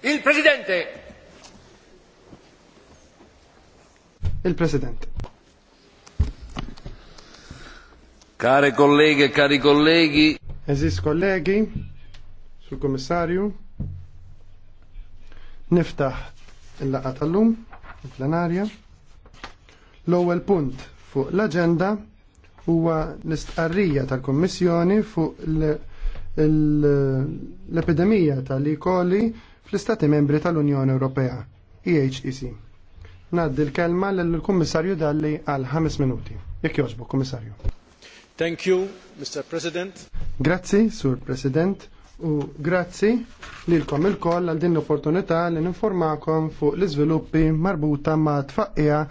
Il-Presidente! Il-President. Care colleghe, e cari colleghi. Eżis kollegi, sul kommissarju, niftaħ il-laqa tal-lum, il-plenarja. L-ewwel punt fuq l-agenda huwa l-istqarrija tal-Kommissjoni fuq l-, -l l-epidemija tal ikoli fl-istati membri tal-Unjoni Ewropea, EHEC. Naddi l-kelma l-Kummissarju Dalli għal 5 minuti. Jekk joġbu, Kummissarju. Thank you, Mr. President. Grazzi, Sur President, u grazzi lilkom il-koll għal din l-opportunità li ninformakom fuq l-iżviluppi marbuta ma' tfaqqija